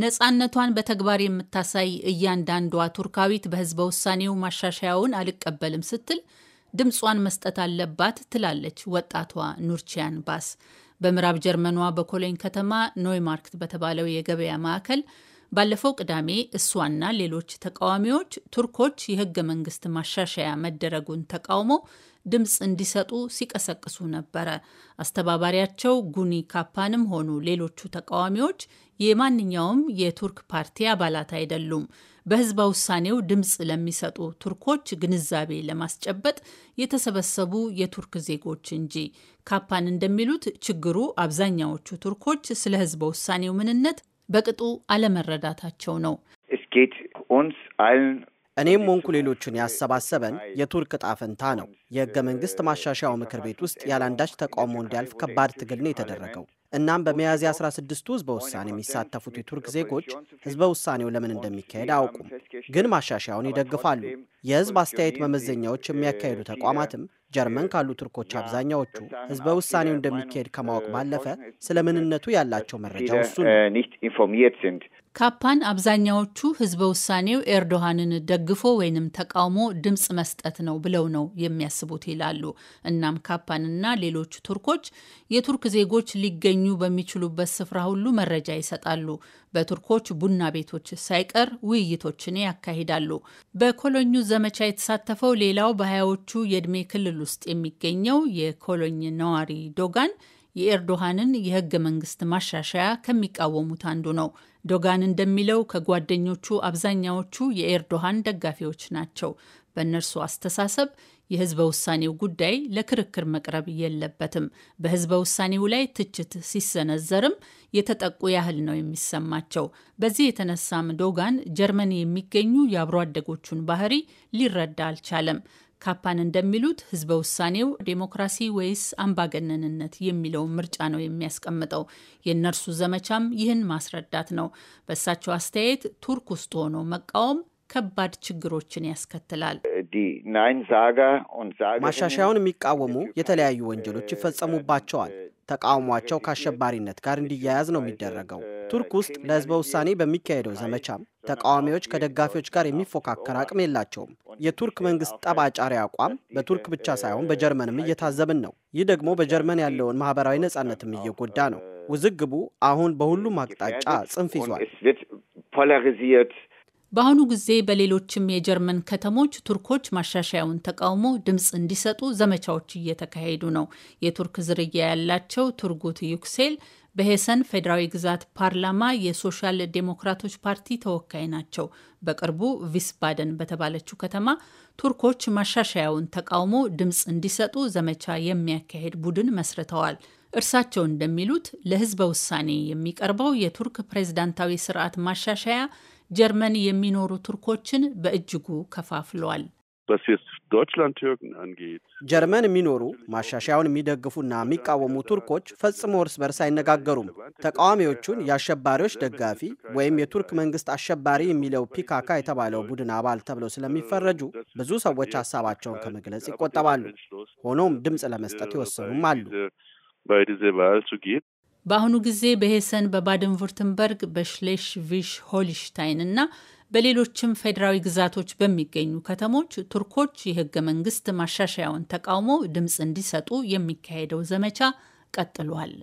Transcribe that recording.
ነጻነቷን በተግባር የምታሳይ እያንዳንዷ ቱርካዊት በህዝበ ውሳኔው ማሻሻያውን አልቀበልም ስትል ድምጿን መስጠት አለባት ትላለች ወጣቷ ኑርቺያን ባስ። በምዕራብ ጀርመኗ በኮሎኝ ከተማ ኖይማርክት በተባለው የገበያ ማዕከል ባለፈው ቅዳሜ እሷና ሌሎች ተቃዋሚዎች ቱርኮች የህገ መንግስት ማሻሻያ መደረጉን ተቃውሞ ድምፅ እንዲሰጡ ሲቀሰቅሱ ነበረ። አስተባባሪያቸው ጉኒ ካፓንም ሆኑ ሌሎቹ ተቃዋሚዎች የማንኛውም የቱርክ ፓርቲ አባላት አይደሉም። በህዝበ ውሳኔው ድምፅ ለሚሰጡ ቱርኮች ግንዛቤ ለማስጨበጥ የተሰበሰቡ የቱርክ ዜጎች እንጂ። ካፓን እንደሚሉት ችግሩ አብዛኛዎቹ ቱርኮች ስለ ህዝበ ውሳኔው ምንነት በቅጡ አለመረዳታቸው ነው። እኔም ሆንኩ ሌሎቹን ያሰባሰበን የቱርክ ዕጣ ፈንታ ነው። የህገ መንግስት ማሻሻያው ምክር ቤት ውስጥ ያለአንዳች ተቃውሞ እንዲያልፍ ከባድ ትግል ነው የተደረገው። እናም በሚያዝያ 16ቱ ህዝበ ውሳኔ የሚሳተፉት የቱርክ ዜጎች ህዝበ ውሳኔው ለምን እንደሚካሄድ አያውቁም፣ ግን ማሻሻያውን ይደግፋሉ። የህዝብ አስተያየት መመዘኛዎች የሚያካሄዱ ተቋማትም ጀርመን ካሉ ቱርኮች አብዛኛዎቹ ህዝበ ውሳኔው እንደሚካሄድ ከማወቅ ባለፈ ስለ ምንነቱ ያላቸው መረጃ ውሱ ነው። ካፓን አብዛኛዎቹ ህዝበ ውሳኔው ኤርዶሃንን ደግፎ ወይንም ተቃውሞ ድምፅ መስጠት ነው ብለው ነው የሚያስቡት ይላሉ። እናም ካፓንና ሌሎች ቱርኮች የቱርክ ዜጎች ሊገኙ በሚችሉበት ስፍራ ሁሉ መረጃ ይሰጣሉ። በቱርኮች ቡና ቤቶች ሳይቀር ውይይቶችን ያካሂዳሉ። በኮሎኙ ዘመቻ የተሳተፈው ሌላው በሀያዎቹ የዕድሜ ክልል ውስጥ የሚገኘው የኮሎኝ ነዋሪ ዶጋን የኤርዶሃንን የህገ መንግስት ማሻሻያ ከሚቃወሙት አንዱ ነው። ዶጋን እንደሚለው ከጓደኞቹ አብዛኛዎቹ የኤርዶሃን ደጋፊዎች ናቸው። በእነርሱ አስተሳሰብ የህዝበ ውሳኔው ጉዳይ ለክርክር መቅረብ የለበትም። በህዝበ ውሳኔው ላይ ትችት ሲሰነዘርም የተጠቁ ያህል ነው የሚሰማቸው። በዚህ የተነሳም ዶጋን ጀርመኒ የሚገኙ የአብሮ አደጎቹን ባህሪ ሊረዳ አልቻለም። ካፓን እንደሚሉት ህዝበ ውሳኔው ዴሞክራሲ ወይስ አምባገነንነት የሚለውን ምርጫ ነው የሚያስቀምጠው። የእነርሱ ዘመቻም ይህን ማስረዳት ነው። በእሳቸው አስተያየት ቱርክ ውስጥ ሆኖ መቃወም ከባድ ችግሮችን ያስከትላል። ማሻሻያውን የሚቃወሙ የተለያዩ ወንጀሎች ይፈጸሙባቸዋል። ተቃውሟቸው ከአሸባሪነት ጋር እንዲያያዝ ነው የሚደረገው። ቱርክ ውስጥ ለህዝበ ውሳኔ በሚካሄደው ዘመቻም ተቃዋሚዎች ከደጋፊዎች ጋር የሚፎካከር አቅም የላቸውም። የቱርክ መንግስት ጠብ አቋም በቱርክ ብቻ uh, ሳይሆን በጀርመንም እየታዘብን ነው። ይህ ደግሞ በጀርመን ያለውን ማህበራዊ ነጻነትም uh, እየጎዳ ነው። uh, ውዝግቡ አሁን በሁሉም አቅጣጫ ጽንፍ ይዟል። በአሁኑ ጊዜ በሌሎችም የጀርመን ከተሞች ቱርኮች ማሻሻያውን ተቃውሞ ድምፅ እንዲሰጡ ዘመቻዎች እየተካሄዱ ነው። የቱርክ ዝርያ ያላቸው ቱርጉት ዩክሴል በሄሰን ፌዴራዊ ግዛት ፓርላማ የሶሻል ዴሞክራቶች ፓርቲ ተወካይ ናቸው። በቅርቡ ቪስባደን በተባለችው ከተማ ቱርኮች ማሻሻያውን ተቃውሞ ድምፅ እንዲሰጡ ዘመቻ የሚያካሄድ ቡድን መስርተዋል። እርሳቸው እንደሚሉት ለህዝበ ውሳኔ የሚቀርበው የቱርክ ፕሬዝዳንታዊ ስርዓት ማሻሻያ ጀርመን የሚኖሩ ቱርኮችን በእጅጉ ከፋፍሏል። ጀርመን የሚኖሩ ማሻሻያውን የሚደግፉና የሚቃወሙ ቱርኮች ፈጽሞ እርስ በርስ አይነጋገሩም። ተቃዋሚዎቹን የአሸባሪዎች ደጋፊ ወይም የቱርክ መንግስት አሸባሪ የሚለው ፒካካ የተባለው ቡድን አባል ተብለው ስለሚፈረጁ ብዙ ሰዎች ሀሳባቸውን ከመግለጽ ይቆጠባሉ። ሆኖም ድምፅ ለመስጠት ይወሰኑም አሉ። በአሁኑ ጊዜ በሄሰን በባደን ቩርትንበርግ በሽሌሽ ቪሽ ሆልሽታይን እና በሌሎችም ፌዴራዊ ግዛቶች በሚገኙ ከተሞች ቱርኮች የህገ መንግስት ማሻሻያውን ተቃውሞ ድምፅ እንዲሰጡ የሚካሄደው ዘመቻ ቀጥሏል።